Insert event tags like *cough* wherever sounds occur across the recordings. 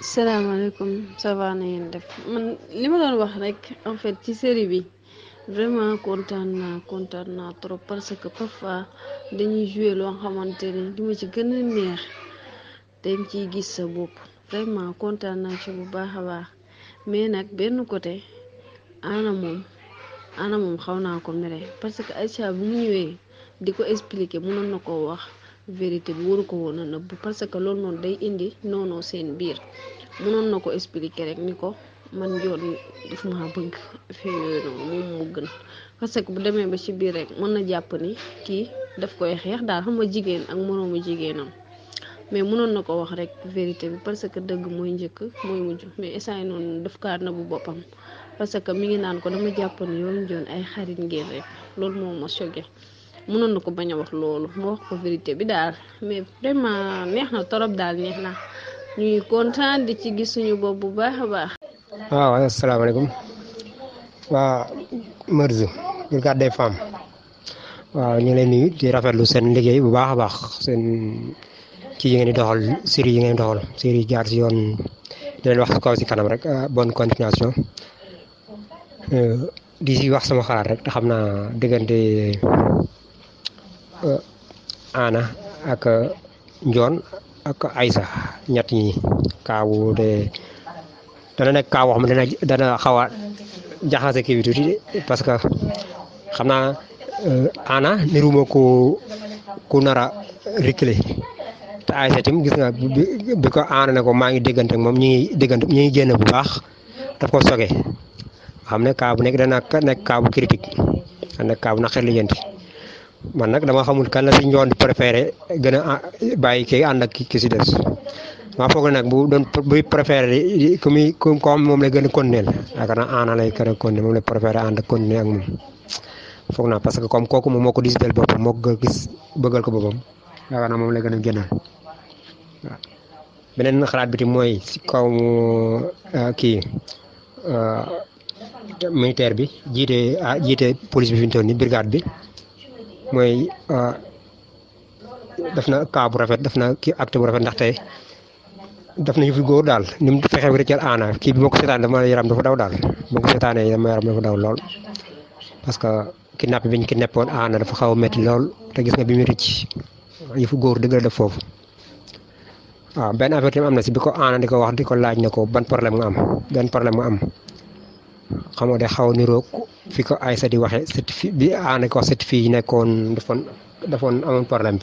salaamaaleykum ça va na yéen def man li ma doon wax rek en fait ci série bi vraiment kontaan naa kontaan naa trop parce que parfois dañuy jouer loo xamante ne li ma ci gën a neex dañ ciy gis sa bopp vraiment kontaan naa ci bu baax a baax mais nag benn côté ana moom ana moom xaw naa ko mere parce que ay Aïcha bu mu ñëwee di ko expliquer mënoon na ko wax. vérité bi waru ko woon a nëbb parce que loolu noonu day indi noonoo seen biir mënoon na ko expliquer rek ni ko man joon daf ma bëgg fii noonu moom mu gën parce que bu demee ba ci biir rek mën na jàpp ni kii daf koy xeex daal xam nga jigéen ak mu jigéenam mais mënoon na ko wax rek vérité bi parce que dëgg mooy njëkk mooy mujj mais instant noonu def kaa na bu boppam parce que mi ngi naan ko dama jàpp ni yoon joon ay xarit ngeen rek loolu moo ma mënoon na ko bañ a wax loolu mu wax ko vérité bi daal mais vraiment neex na torop daal neex na ñuy kontaan di ci gis suñu bopp bu baax a baax. waaw asalaamaaleykum waa Merzo brigade des ñu ngi leen nuyu di rafetlu seen liggéey bu baax a baax seen ci yi ngeen di doxal série yi ngeen di doxal série jaar si yoon di leen wax kaw si kanam rek ah, bonne continuation euh, di si wax sama xalaat rek te xam naa diggante. aana ak Njoon ak Aysa ñett ñi kaawu de dana nekk kaaw xam ne dana dana xaw jaxase kii bi parce que xam naa euh, Ana niruma ku ku nara a te Aysa tim gis nga bi ko Ana ne ko maa ngi déggante moom ñi ngi déggante ñi ngi bu baax daf ko soge xam ne kaa bu nekk dana nekk kaa bu critique dana nekk man nag dama xamul kan la si ñoon préféré gën a bàyyi kii ànd ak ki si des maa foog nag bu doon bu préféré ku muy ku ko moom la gën a continuer yaakaar naa ana lay gën a continuer moom la préféré ànd ak continuer ak moom foog naa parce que comme kooku moom moo ko disbel boppam moo ko gis bëggal ko boppam yaakaar naa moom la gën a génnal waaw beneen xalaat bi mooy si kaw euh, kii euh, militaire bi jiite ah jiite police bi fi ñu toll nii brigade bi. mooy euh, def na kaa bu rafet def na kii acte bu rafet ndax tey def na yëfu góor daal ni mu fexee ba rëccal aana kii bi moo ko seetaanee dama yaram dafa daw daal moo ko seetaanee dama yaram dafa daw lool parce que kidnapp bi ñu kidnappoon aana dafa xaw a métti lool te gis nga bi mu rëcc yëfu góor dëgg la def foofu. waaw benn affaire tamit am na si bi ko aana di ko wax di ko laaj ne ko ban problème nga am benn problème nga am xam nga day xaw a niroog fi ko Aïssa di waxee certifié bi ànd ko certifié yi nekkoon defoon defoon amoon problème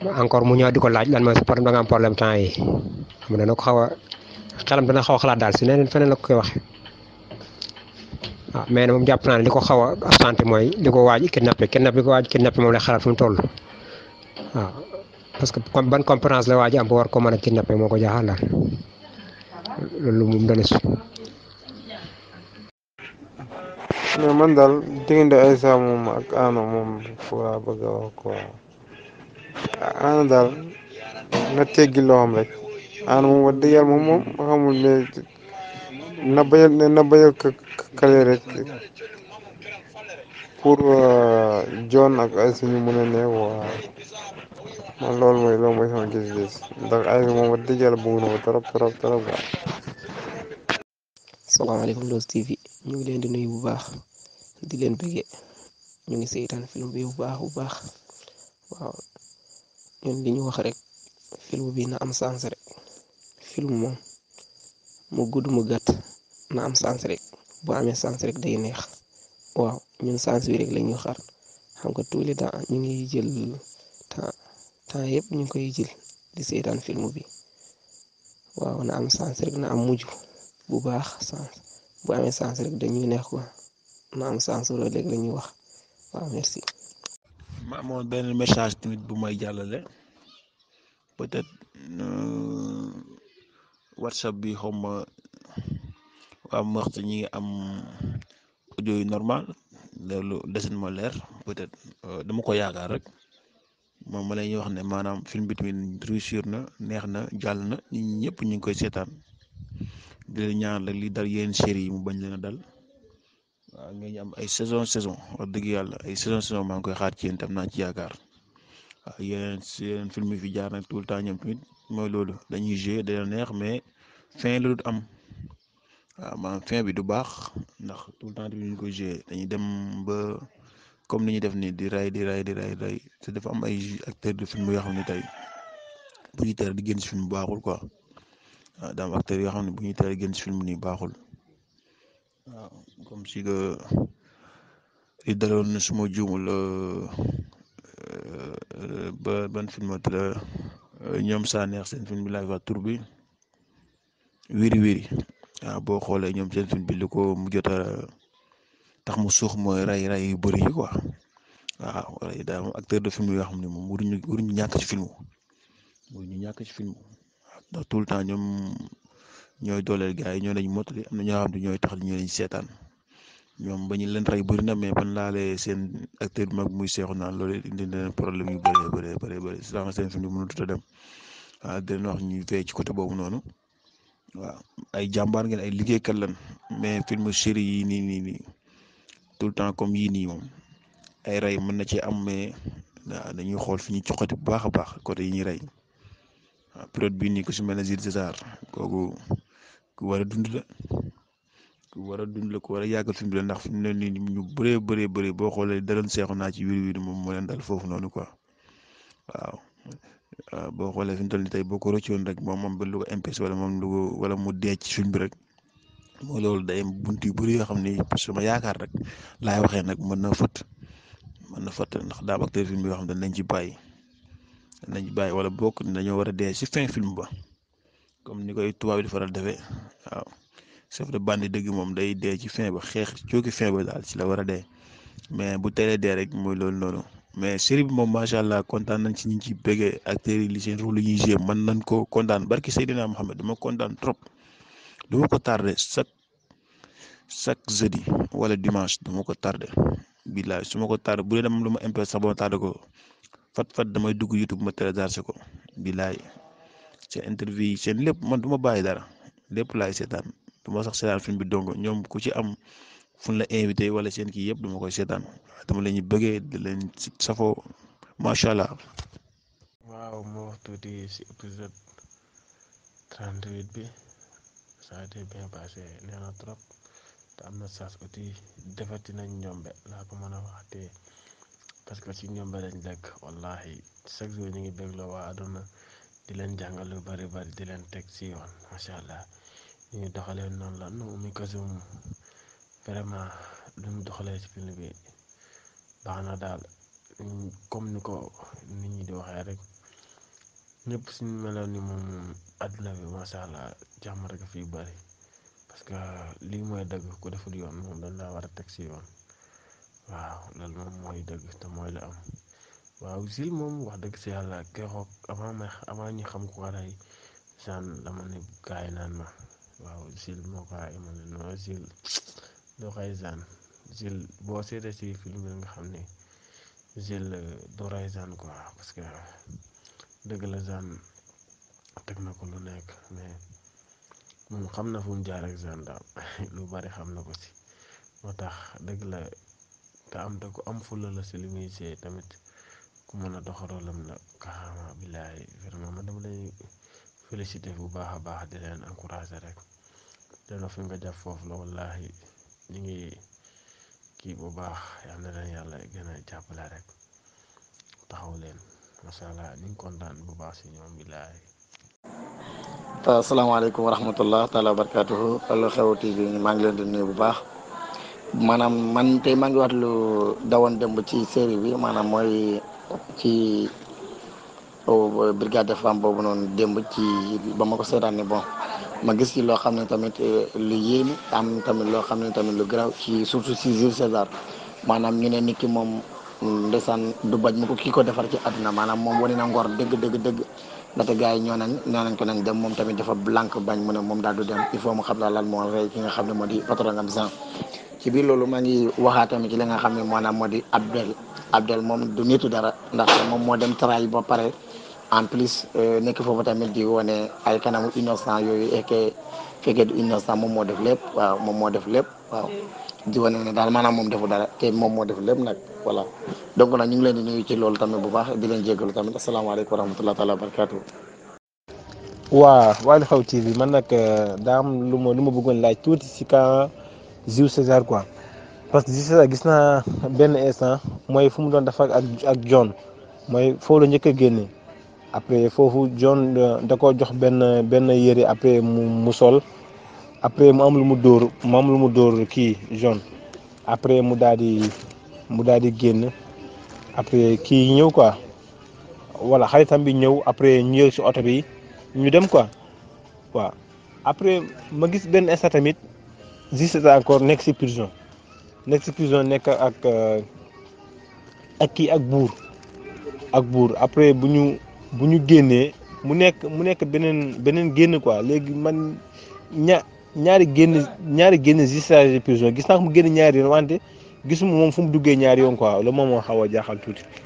bi encore mu ñëw di ko laaj lan mooy problème da nga am problème temps yi xam dana ko xaw a xelam na xaw a xalaat daal si neneen feneen la ko koy waxee waaw ah, mais jàpp naa ne li ko xaw a absenté mooy li ko waaj kidnappé kidnappé li ko waaj kidnappé moom lay xalaat fu mu toll waaw ah, parce que ban compétence la waaj am ba war ko mën a kidnappé moo ko jaaxal daal loolu moom dana mais man daal diggante Aïssa moom ak Anna moom foofu laa bëgg wax quoi Anna daal na teggi loo xam rek Anna moom wax dëgg yàlla moom moom xamul ne na bayal kale rek pour euh, John ak Aïssa ñu mën a ne waa man loolu mooy loolu mooy sama gis-gis ndax Aïssa moom wax dëgg yàlla na ko trop trop trop quoi. salaamaaleykum Loos TV ñu ngi leen di nuyu bu baax di leen ñu ngi seetaan film bi bu baax bu baax waaw ñun li ñu wax rek film bi na am sens rek film moom mu gudd mu gàtt na am sens rek bu amee sens rek day neex waaw ñun sens bi rek la ñuy xaar xam nga tous les temps ñu ngi jël temps temps yëpp ñu ngi koy jël di seetaan film bi waaw na am sens rek na am mujj bu baax sens boo amee sens rek da ñu neex quoi. ma am sens loolu wax waaw merci. ma benn message tamit bu may jàllale peut-être euh, whatsapp bi xaw ma waa Meurthe ñi ngi am audio normal loolu desin ma leer peut-être euh, dama ko yaakaar rek moom ma lay wax ne maanaam film bi tamit réussir na neex na jàll na ñun ñëpp ñu ngi koy seetaan di leen ñaan rek li dal yenn série yi mu bañ leen a dal. waaw ngeen ñu am ay saison saison a dëgg yàlla ay saison saison maa ngi koy xaar ci yéen tam naa ci yaakaar waaw yeneen yeneen film fi jaar nag tout le temps ñoom tamit mooy loolu dañuy jouer dana neex mais fin la du am waaw fin bi du baax ndax tout le temps tamit ñu koy jouer dañuy dem ba comme ni ñuy def nii di ray di ray di ray di am ay acteur de film yoo xam ne tey bu ñuy di génn si film bu baaxul quoi waaw daa am yoo xam ne bu ñuy teel di génn si film nii baaxul. waaw comme si que li daloon suma juumul euh, euh, ba ban filmati la euh, ñoom saa neex seen film bi laay wax bi wiri wiri waaw boo xoolee ñoom seen film bi ko mu jot tax mu suux mooy ray ray yu bëri yi quoi waaw ray moom acteur de film yoo xam ne moom waruñu waruñu ñàkk ci film waruñu ñàkk ci film tout le temps ñoom ñooy dooleel gars yi ñoo lañ motali am na ñoo xam ne ñooy tax ñoo lañ seetaan ñoom ba ñu leen rey bëri na mais ban laalee seen acteur mag muy seexu naan loolu indi leen problème yu bëree bëree bëri bëri sànq seen dem ah di leen wax ñu fee ci côté boobu noonu waaw ay jàmbaar ngeen ay liggéeykat lan mais film série yi nii nii nii tout le temps comme yii nii moom ay rey mën na ci am mais dañuy xool fi ñuy coxati bu baax a baax côté yi ñuy rey waaw période bii nii ko si mel ne Jules César kooku. ku war a dund la ku war a dund la ku war a yàggal suñu bi la ndax fi mu ne nii ñu bëree bëree bëri boo xoolee daloon seexu naa ci wiir wiir moom moo leen dal foofu noonu quoi waaw boo xoolee fi mu ni nii tey boo ko rëccoon rek moom moom ba lu ko impêche wala moom lu wala mu dee ci bi rek moo loolu day bunt yu bëri yoo xam que ma yaakaar rek laay waxee nag mën na fët mën na fët ndax daa am film bi yoo xam ne dañ ci bàyyi dañ ci bàyyi wala bokk dañoo war a dee si fin film ba. comme ni koy tubaab di faral defee waaw chef de bande dëgg moom day dee ci fin ba xeex cooki fin ba daal ci la war a dee mais bu teelee dee rek mooy loolu noonu mais série bi moom macha allah kontaan nañ ci ñi ci bëggee acteurs yi li seen rôle yi ñuy joué mën nañ ko kontaan barki Seydina Mohamed duma kontaan trop duma ko tardé chaque chaque jeudi wala dimanche duma ko tardé billaay su ma ko tardé bu dee dama lu ma impé sax ba ma ko fat fat damay dugg YouTube ma téléchargé ko billaay seen interview yi seen lépp man duma ma bàyyi dara lépp laay seetaan du ma sax seetaan film bi dong ñoom ku ci am fu la invité wala seen kii yëpp du koy seetaan dama leen ñu bëggee di leen safoo macha allah. waaw moo wax tuuti si épisode bi ça a été bien passé nee trop te am na saas uti defati nañ ñombe laa ko mën a waxatee parce que si ñombe lañ dëkk wallahi chaque jour ñu ngi bégloo waa àdduna di leen jàngal lu bari bari di leen teg ci yoon macha allah ñu doxalee noonu la nu mu kasum vraiment lu mu doxalee ci film bi baax na daal comme ni ko nit ñi di waxee rek ñëpp suñu meloon ni moom àdduna bi macha allah jàmm rek fi bari parce que lii mooy dëgg ku deful yoon moom dañ laa war a teg ci yoon waaw loolu moom mooy dëgg te mooy la am. waaw Zil moom wax dëgg si yàlla keroog avant ma avant ñi xam ko waray Jean dama ne gars yi naan ma waaw Zil moo ko raay ma ne non Zil *tsk* doo Jean Zil boo seetee si film nga xam ne Zil euh, doo ray Jean ko parce que dëgg la Jean teg na ko lu nekk mais moom xam na fu jaar ak Jean daal *laughs* lu bari xam na ko si moo tax dëgg la te am te ko am fulla la si li muy see tamit. ku mën a doxaloolam la kaxaama billaay vraiment bu baax a baax di leen encouragé rek dana fi nga jàpp foofu la wallaahi ñu ngi kii bu baax yal na leen gën a jàppale rek taxaw leen macha allah kontaan bu baax si ñoom billaay asalaamaaleykum wa rahmatullah taala wa barakaatuhu Lu Xew TV maa ngi leen di nuyu bu baax maanaam man tey maa ngi wax lu dawoon démb ci série bi maanaam mooy ci euh, brigade de femme boobu noonu démb ci ba ma ko seetaanee bon ma gis ci loo xam ne tamit euh, lu yéeme am tamit loo xam ne tamit lu garaaw ci surtout ci Jules César maanaam ñu ne nit ki moom ndeysaan du bañ mu ko kii ko defar ci àdduna maanaam moom wane na ngor dëgg dëgg dëgg ndaxte gars yi ñoo nañ ñoo nañ ko nañ dem moom tamit dafa blank bañ mu ne moom daal du dem il faut mu xam daal lan moo rey ki nga xam ne moo di patron am ci biir loolu maa ngi waxaa tamit ci li nga xam ne maanaam moo di Abdel Abdel moom du nitu dara ndax moom moo dem trahi ba pare en plus euh, nekk foofu tamit di wane ay kanamu innocent yooyu et que fekkee du innocent moom moo def lépp waaw moom moo def lépp waaw di wane ne daal maanaam moom defu dara te moom moo def lépp nag wala donc na ñu ngi leen di nuyu ci loolu tamit bu baax di leen jégalu tamit asalaamaaleykum wa rahmatulah taala wa barakaatu. waa waa Lu Xew TV man nag euh, daa am lu ma lu ma bëggoon laaj tuuti si ka Jules César quoi. parce que gis naa gis naa benn instant mooy fu mu doon dafa ak ak John mooy foofu la njëkk a après foofu John da koo jox benn benn yére après mu mu sol après mu am lu mu dóor mu am lu mu dóor kii John après mu daal di mu daal di génn après kii ñëw quoi wala xaritam bi ñëw après ñëw si oto bi ñu dem quoi waaw après ma gis benn instant tamit gis encore nekk si prison. nekk si prison nekk ak euh, ak kii ak buur ak buur après bu ñu bu ñu génnee mu nekk mu nekk beneen beneen génn quoi léegi man ña ñaari génn ñaari génn si stage gis naa mu génn ñaari yoon wante gisuma moom fu mu duggee ñaari yoon quoi loolu moom moo xaw a jaaxal tuuti.